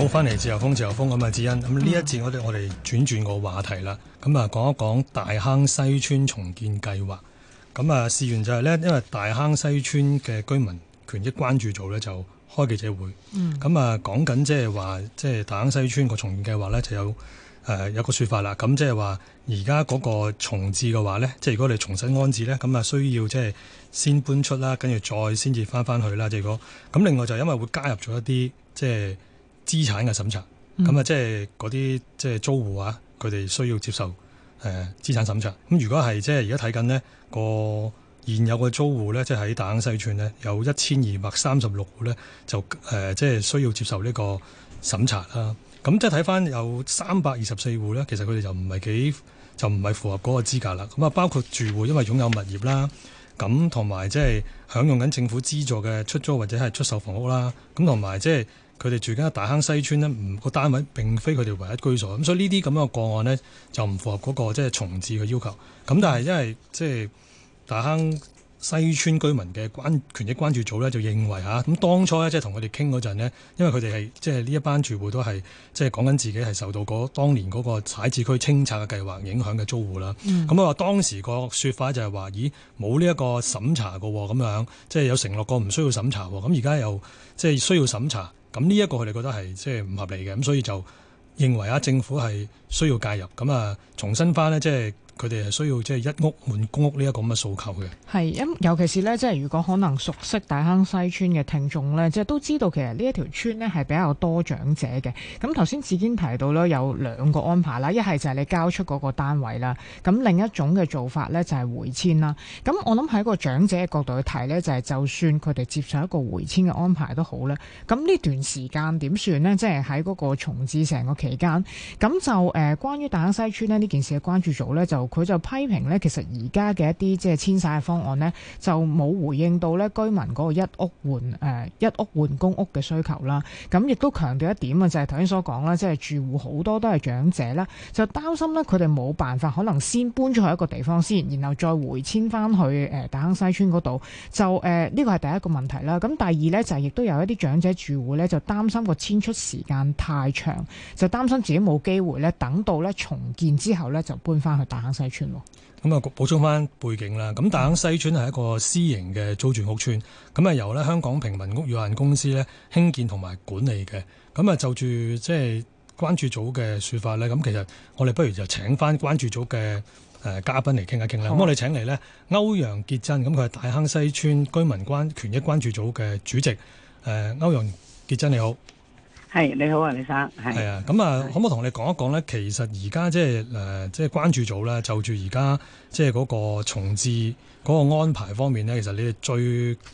好，翻嚟《自由風》，自由風咁啊！子欣咁呢、嗯、一節我，我哋我哋轉轉個話題啦。咁啊，講一講大坑西邨重建計劃。咁啊，事緣就係咧，因為大坑西邨嘅居民權益關注組咧，就開記者會。咁啊、嗯，講緊即係話，即、就、係、是、大坑西邨個重建計劃咧，就有誒、呃、有個說法啦。咁即係話，而家嗰個重置嘅話咧，即、就、係、是、如果你重新安置咧，咁啊需要即係先搬出啦，跟住再先至翻翻去啦。即、就、係、是、如果咁，另外就因為會加入咗一啲即係。就是資產嘅審查，咁、嗯、啊，即係嗰啲即係租戶啊，佢哋需要接受誒、嗯、資產審查。咁如果係即係而家睇緊呢、呢個現有嘅租戶呢，即係喺大坑西村呢，有一千二百三十六戶呢，就即係、呃即係、需要接受呢個審查啦。咁即係睇翻有三百二十四戶呢，其實佢哋就唔係幾就唔係符合嗰個資格啦。咁啊，包括住戶，因為擁有物業啦，咁同埋即係享用緊政府資助嘅出租或者係出售房屋啦，咁同埋即係。佢哋住緊大坑西村呢，唔個單位並非佢哋唯一居所，咁所以呢啲咁樣嘅個案呢，就唔符合嗰個即係重置嘅要求。咁但係，因為即係大坑西村居民嘅關權益關注組呢，就認為嚇咁當初呢，即係同佢哋傾嗰陣咧，因為佢哋係即係呢一班住戶都係即係講緊自己係受到嗰當年嗰個徙置區清拆嘅計劃影響嘅租戶啦。咁我話當時個説法就係話：咦，冇呢一個審查過咁樣，即係有承諾過唔需要審查喎。咁而家又即係需要審查。咁呢一個佢哋覺得係即係唔合理嘅，咁所以就認為啊政府係需要介入，咁啊重新翻咧即係。佢哋係需要即係一屋換公屋呢一個咁嘅訴求嘅。係，因尤其是咧，即係如果可能熟悉大坑西村嘅聽眾咧，即係都知道其實呢一條村咧係比較多長者嘅。咁頭先志堅提到咧有兩個安排啦，一係就係你交出嗰個單位啦，咁另一種嘅做法咧就係回遷啦。咁我諗喺一個長者嘅角度去睇咧，就係就算佢哋接受一個回遷嘅安排都好咧。咁呢段時間點算呢？即係喺嗰個重置成個期間，咁就誒、呃、關於大坑西村咧呢件事嘅關注組咧就。佢就批評呢，其實而家嘅一啲即係遷徙嘅方案呢，就冇回應到呢居民嗰個一屋換誒、呃、一屋換公屋嘅需求啦。咁亦都強調一點啊、就是，就係頭先所講啦，即係住戶好多都係長者咧，就擔心呢，佢哋冇辦法，可能先搬咗去一個地方先，然後再回遷返去誒大坑西邨嗰度，就誒呢、呃這個係第一個問題啦。咁第二呢，就係、是、亦都有一啲長者住戶呢，就擔心個遷出時間太長，就擔心自己冇機會呢，等到呢重建之後呢，就搬返去大坑。西邨咁啊，補充翻背景啦。咁大坑西邨係一個私營嘅租住屋村，咁啊、嗯、由香港平民屋有限公司呢興建同埋管理嘅。咁啊就住即係關注組嘅說法呢，咁其實我哋不如就請翻關注組嘅誒嘉賓嚟傾下傾啦。咁好我哋請嚟呢歐陽潔珍，咁佢係大坑西邨居民關權益關注組嘅主席。誒、呃，歐陽潔珍你好。係你好啊，李生係。係啊，咁、嗯、啊，可唔可以同你講一講咧？其實而家即係誒、即、呃、係、就是、關注組咧，就住而家即係嗰個重置嗰個安排方面咧，其實你哋最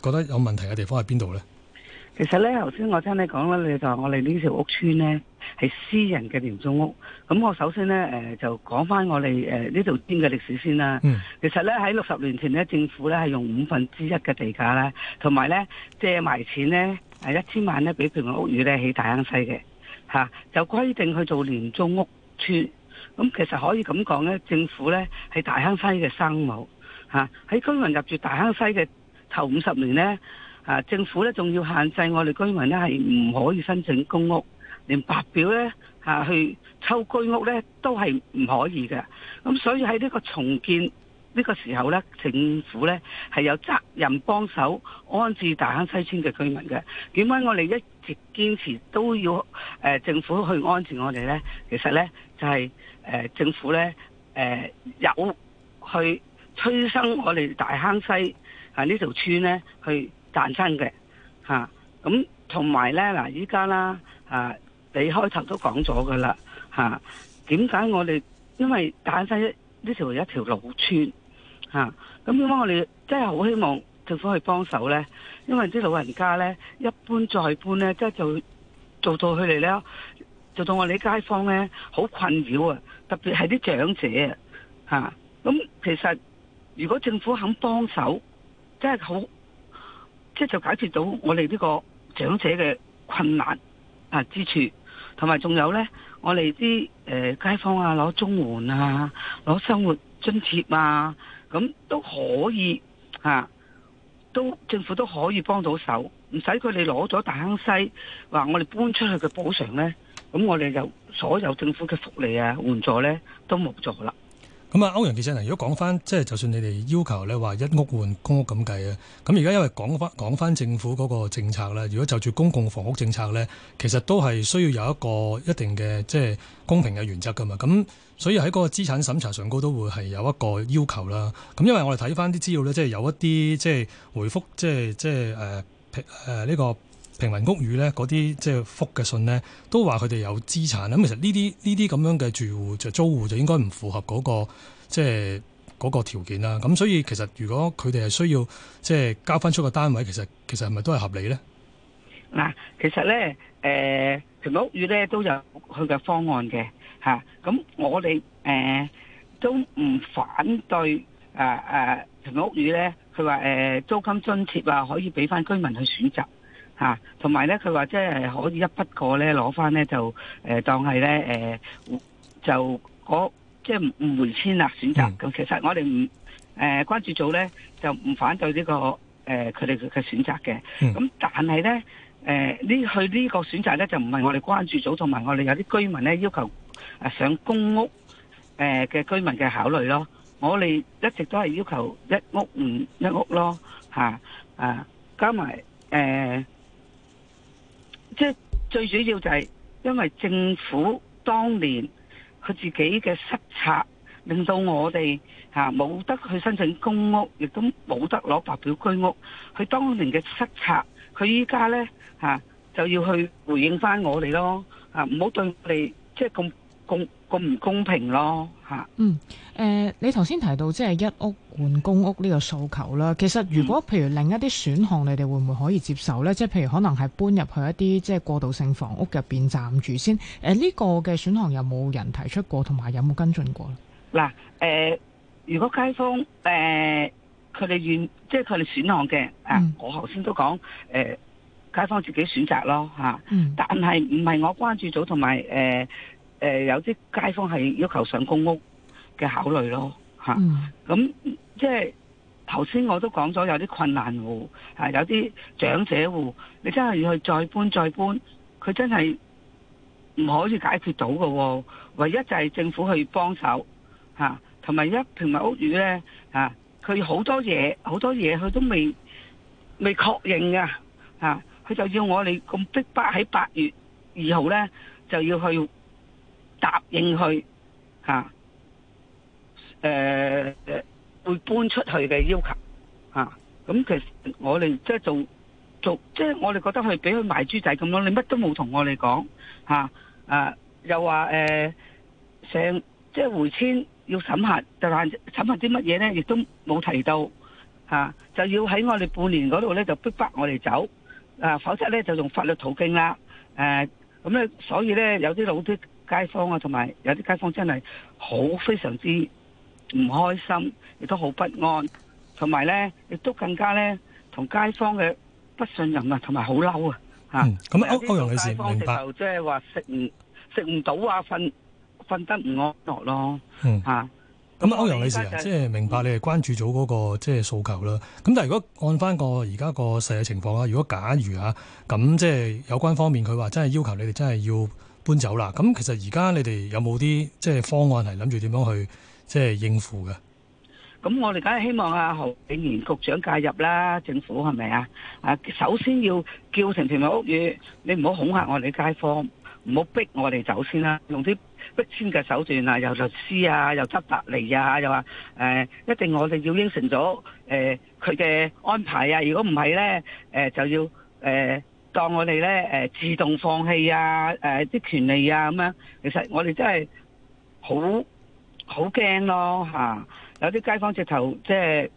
覺得有問題嘅地方喺邊度咧？其實咧，頭先我聽你講咧，你就話、是、我哋呢條屋村咧係私人嘅廉租屋。咁我首先咧，誒、呃、就講翻我哋誒呢度邊嘅歷史先啦。嗯、其實咧喺六十年前咧，政府咧係用五分之一嘅地價咧，同埋咧借埋錢咧，係一千萬咧俾平民屋宇咧起大坑西嘅，吓、啊、就規定去做廉租屋村。咁其實可以咁講咧，政府咧係大坑西嘅生母，吓喺居民入住大坑西嘅頭五十年咧。啊！政府咧仲要限制我哋居民咧係唔可以申請公屋，連白表咧、啊、去抽居屋咧都係唔可以嘅。咁所以喺呢個重建呢、呢個時候咧，政府咧係有責任幫手安置大坑西村嘅居民嘅。點解我哋一直堅持都要、啊、政府去安置我哋咧？其實咧就係、是啊、政府咧誒、啊、有去催生我哋大坑西啊呢條村咧去。大坑西嘅，咁同埋咧嗱，依、啊、家啦嚇、啊，你開頭都講咗噶啦嚇，點、啊、解我哋因為大坑西呢條一條老村嚇，咁點解我哋真係好希望政府去幫手咧？因為啲老人家咧一搬再搬咧，即係就做，做到佢哋咧，做到我哋啲街坊咧好困擾啊！特別係啲長者咁、啊、其實如果政府肯幫手，真係好。即係就解決到我哋呢個長者嘅困難啊之處，同埋仲有呢，我哋啲誒街坊啊攞綜援啊，攞生活津貼啊，咁都可以吓、啊，都政府都可以幫到手，唔使佢哋攞咗大坑西，話我哋搬出去嘅補償呢。咁我哋就所有政府嘅福利啊援助呢，都冇咗啦。咁啊，歐陽潔珍，嗱，如果講翻，即係就算你哋要求咧話一屋換公屋咁計啊，咁而家因為講翻講翻政府嗰個政策呢，如果就住公共房屋政策咧，其實都係需要有一個一定嘅即係公平嘅原則噶嘛。咁所以喺嗰個資產審查上高都會係有一個要求啦。咁因為我哋睇翻啲資料咧，即係有一啲即係回覆，即係即係誒誒呢個。平民屋宇咧，嗰啲即係福嘅信咧，都話佢哋有資產咁。其實呢啲呢啲咁樣嘅住戶就租戶，就應該唔符合嗰個即係嗰個條件啦。咁所以其實如果佢哋係需要即係交翻出個單位，其實其實係咪都係合理咧？嗱，其實咧，誒，平民屋宇咧都有佢嘅方案嘅吓。咁我哋誒都唔反對誒誒平民屋宇咧，佢話誒租金津貼啊，可以俾翻居民去選擇。吓，同埋咧，佢話即係可以一筆過咧，攞翻咧就誒、呃、當係咧誒就嗰、呃呃、即係唔回遷啦選擇咁，mm. 其實我哋唔誒關注組咧就唔反對呢個誒佢哋嘅選擇嘅，咁但係咧誒呢去呢個選擇咧就唔係我哋關注組同埋我哋有啲居民咧要求誒上公屋誒嘅、呃、居民嘅考慮咯，我哋一直都係要求一屋唔一屋咯，吓、啊、加埋誒。呃即係最主要就係因為政府當年佢自己嘅失策，令到我哋吓冇得去申請公屋，亦都冇得攞白表居屋。佢當年嘅失策，佢依家，咧吓就要去回應翻我哋咯，啊唔好對我哋即係咁公咁唔公平咯。嗯，誒、呃，你頭先提到即係一屋換公屋呢個訴求啦，其實如果譬如另一啲選項，你哋會唔會可以接受呢？嗯、即係譬如可能係搬入去一啲即係過渡性房屋入邊暫住先，誒、呃、呢、呢個嘅選項有冇人提出過，同埋有冇跟進過？嗱，誒、呃呃，如果街坊誒佢哋願即係佢哋選項嘅，啊，嗯、我頭先都講，誒、呃，街坊自己選擇咯，吓、啊，嗯、但係唔係我關注組同埋誒。誒，有啲街坊係要求上公屋嘅考慮咯，吓，咁即係頭先我都講咗有啲困難戶，吓，有啲長者戶，你真係要去再搬再搬，佢真係唔可以解決到噶，唯一就係政府去幫手，吓，同埋一平民屋宇咧，吓，佢好多嘢，好多嘢佢都未未確認噶，吓，佢就要我哋咁逼迫喺八月二號咧就要去。答應佢，吓，誒、啊、誒、呃，會搬出去嘅要求，吓、啊，咁其實我哋即係做做，即係、就是，我哋覺得佢俾佢賣豬仔咁樣，你乜都冇同我哋講，吓、啊，啊，又話誒，成即係回遷要審核，但審核啲乜嘢咧，亦都冇提到，吓、啊，就要喺我哋半年嗰度咧就逼迫我哋走，啊，否則咧就用法律途徑啦，誒、啊，咁咧，所以咧有啲老啲。街坊啊，同埋有啲街坊真係好非常之唔開心，亦都好不安，同埋咧，亦都更加咧，同街坊嘅不信任還有很啊，同埋好嬲啊！吓咁啊，嗯、歐歐陽女士坊明白，就即係話食唔食唔到啊，瞓瞓得唔安樂咯。吓，咁歐陽女士啊，即係、嗯、明白你哋關注咗嗰、那個即係、就是、訴求啦。咁、嗯、但係如果按翻個而家個實際嘅情況啊，如果假如啊，咁即係有關方面佢話真係要求你哋真係要。搬走啦！咁其實而家你哋有冇啲即係方案係諗住點樣去即係應付㗎？咁我哋梗係希望阿何永賢局長介入啦，政府係咪啊？啊，首先要叫停平民屋宇，你唔好恐嚇我哋街坊，唔好逼我哋走先啦，用啲逼遷嘅手段啊，又律師啊，又執達吏嚟啊，又話誒一定我哋要應承咗誒佢嘅安排啊！如果唔係咧誒就要誒，當我哋咧、呃、自動放棄啊、呃、啲權利啊咁樣，其實我哋真係好好驚咯、吓、有啲街坊直頭即係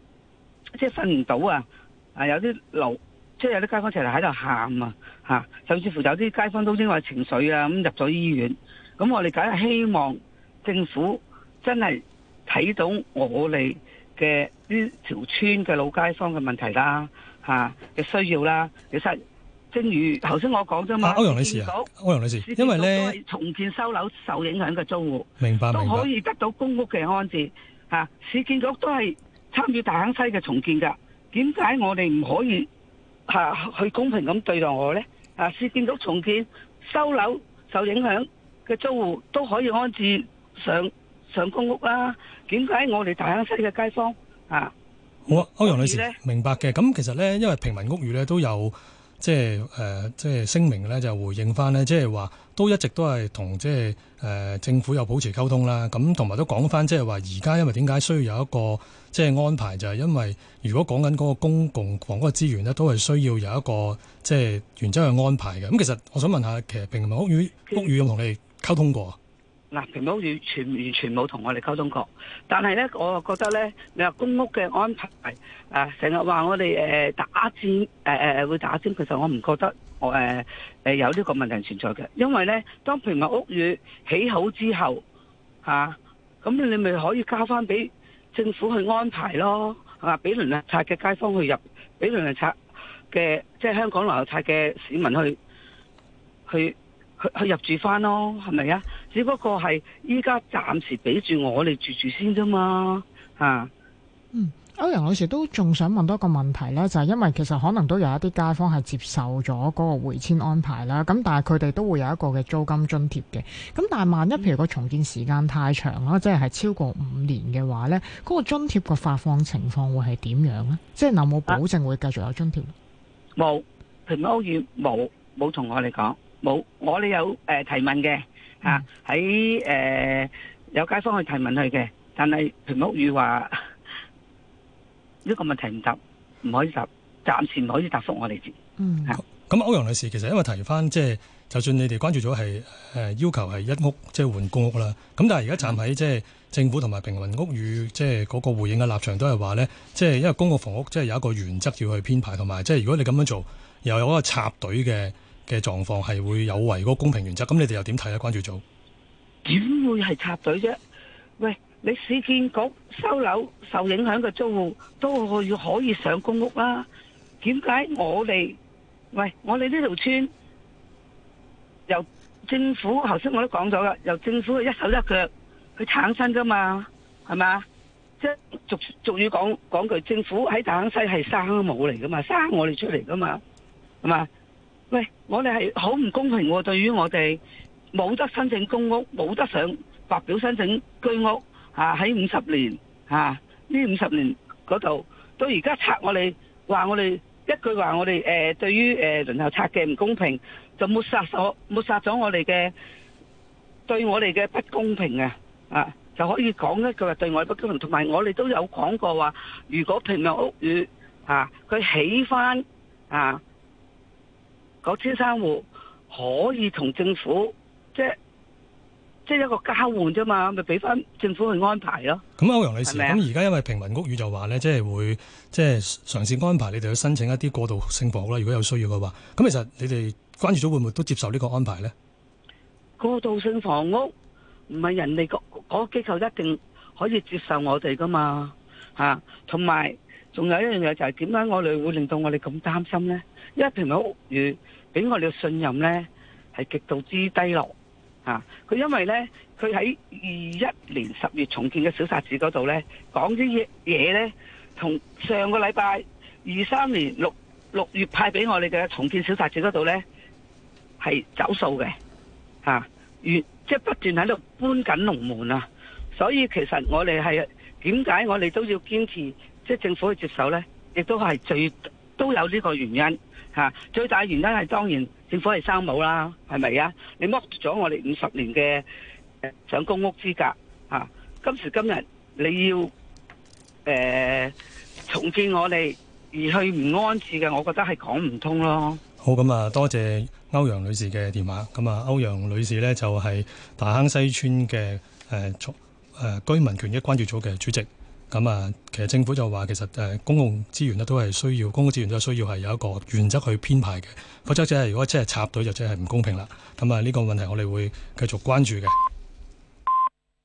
即係瞓唔到啊！啊有啲老即係有啲街坊直頭喺度喊啊吓甚至乎有啲街坊都因為情緒啊咁入咗醫院。咁我哋梗係希望政府真係睇到我哋嘅呢條村嘅老街坊嘅問題啦、吓、嘅需要啦，其實正如頭先我講啫嘛，歐陽女士、歐陽女士，因為咧重建收樓受影響嘅租戶，明白都可以得到公屋嘅安置嚇。市建局都係參與大坑西嘅重建㗎，點解我哋唔可以嚇去公平咁對待我咧？啊，市建局重建收樓受影響嘅租戶都可以安置上上公屋啦，點解我哋大坑西嘅街坊啊？好啊，歐陽女士，明白嘅。咁其實咧，因為平民屋宇咧都有。即係誒、呃，即係聲明咧，就回應翻咧，即係話都一直都係同即係誒、呃、政府有保持溝通啦。咁同埋都講翻，即係話而家因為點解需要有一個即係安排，就係、是、因為如果講緊嗰個公共房屋嘅資源咧，都係需要有一個即係原則嘅安排嘅。咁其實我想問下，其實平民屋宇屋宇有冇同你哋溝通過？嗱，平民屋宇全完全冇同我哋溝通過，但係咧，我又覺得咧，你話公屋嘅安排，誒、啊，成日話我哋誒打戰，誒、啊、誒會打戰，其實我唔覺得我誒誒有呢個問題存在嘅，因為咧，當平民屋宇起好之後，啊，咁你咪可以交翻俾政府去安排咯，啊，俾輪嚟拆嘅街坊去入，俾輪嚟拆嘅即係香港樓樓拆嘅市民去去去去入住翻咯，係咪啊？只不過係依家暫時俾住我哋住住先啫嘛，吓、嗯。歐陽女士都仲想問多一個問題呢，就係、是、因為其實可能都有一啲街坊係接受咗嗰個回遷安排啦，咁但係佢哋都會有一個嘅租金津貼嘅。咁但係萬一譬如個重建時間太長啦，即係係超過五年嘅話呢，嗰、那個津貼嘅發放情況會係點樣呢？即係、就是、有冇保證會繼續有津貼？冇、啊，平民屋宇冇冇同我哋講，冇。我哋有誒、呃、提問嘅。啊！喺誒、嗯呃、有街坊去提問佢嘅，但係平屋宇話呢、這個問題唔答，唔可以答，暫時唔可以答覆我哋先。嗯，嚇是。咁歐陽女士其實因為提返即係，就算你哋關注咗係誒要求係一屋即係換公屋啦。咁但係而家站喺即係政府同埋平民屋宇即係嗰個回應嘅立場都是說，都係話咧，即係因為公屋房屋即係、就是、有一個原則要去編排，同埋即係如果你咁樣做，又有一個插隊嘅。嘅狀況係會有違嗰個公平原則，咁你哋又點睇咧？關注組點會係插隊啫？喂，你市建局收樓受影響嘅租戶都可以可以上公屋啦，點解我哋？喂，我哋呢條村由政府頭先我都講咗啦，由政府一手一腳去產生噶嘛，係咪啊？即係俗俗語講講句，政府喺大坑西係生母嚟噶嘛，生我哋出嚟噶嘛，係嘛？我哋係好唔公平，對於我哋冇得申請公屋，冇得上發表申請居屋，啊喺五十年，啊呢五十年嗰度到而家拆我哋，話我哋一句話，我哋誒對於誒輪候拆嘅唔公平，就抹殺咗抹殺咗我哋嘅對我哋嘅不公平啊，啊就可以講一句話對外不公平。同埋我哋都有講過話，如果平民屋宇啊，佢起翻啊。嗰千三戶可以同政府即即一個交換啫嘛，咪俾翻政府去安排咯、啊。咁歐陽女士，咁而家因為平民屋宇就話咧，即係會即係嘗試安排你哋去申請一啲過渡性房屋啦。如果有需要嘅話，咁其實你哋關注組會唔會都接受呢個安排咧？過渡性房屋唔係人哋，嗰個嗰個機構一定可以接受我哋噶嘛？吓、啊，同埋仲有一樣嘢就係點解我哋會令到我哋咁擔心咧？因為平民屋宇。俾我哋嘅信任呢係極度之低落佢、啊、因為呢，佢喺二一年十月重建嘅小冊子嗰度呢，講啲嘢呢，同上個禮拜二三年六六月派俾我哋嘅重建小冊子嗰度呢，係走數嘅、啊、即係不斷喺度搬緊龍門啊。所以其實我哋係點解我哋都要堅持即係政府去接手呢，亦都係最都有呢個原因。嚇！最大原因係當然政府係生冇啦，係咪啊？你剝奪咗我哋五十年嘅上公屋資格嚇，今時今日你要誒重建我哋而去唔安置嘅，我覺得係講唔通咯。好咁啊，多謝歐陽女士嘅電話。咁啊，歐陽女士咧就係大坑西村嘅誒組誒居民權益關注組嘅主席。咁啊，其實政府就話其實誒公共資源咧都係需要，公共資源都係需要係有一個原則去編排嘅，否則即係如果即係插隊，就即係唔公平啦。咁啊，呢個問題我哋會繼續關注嘅。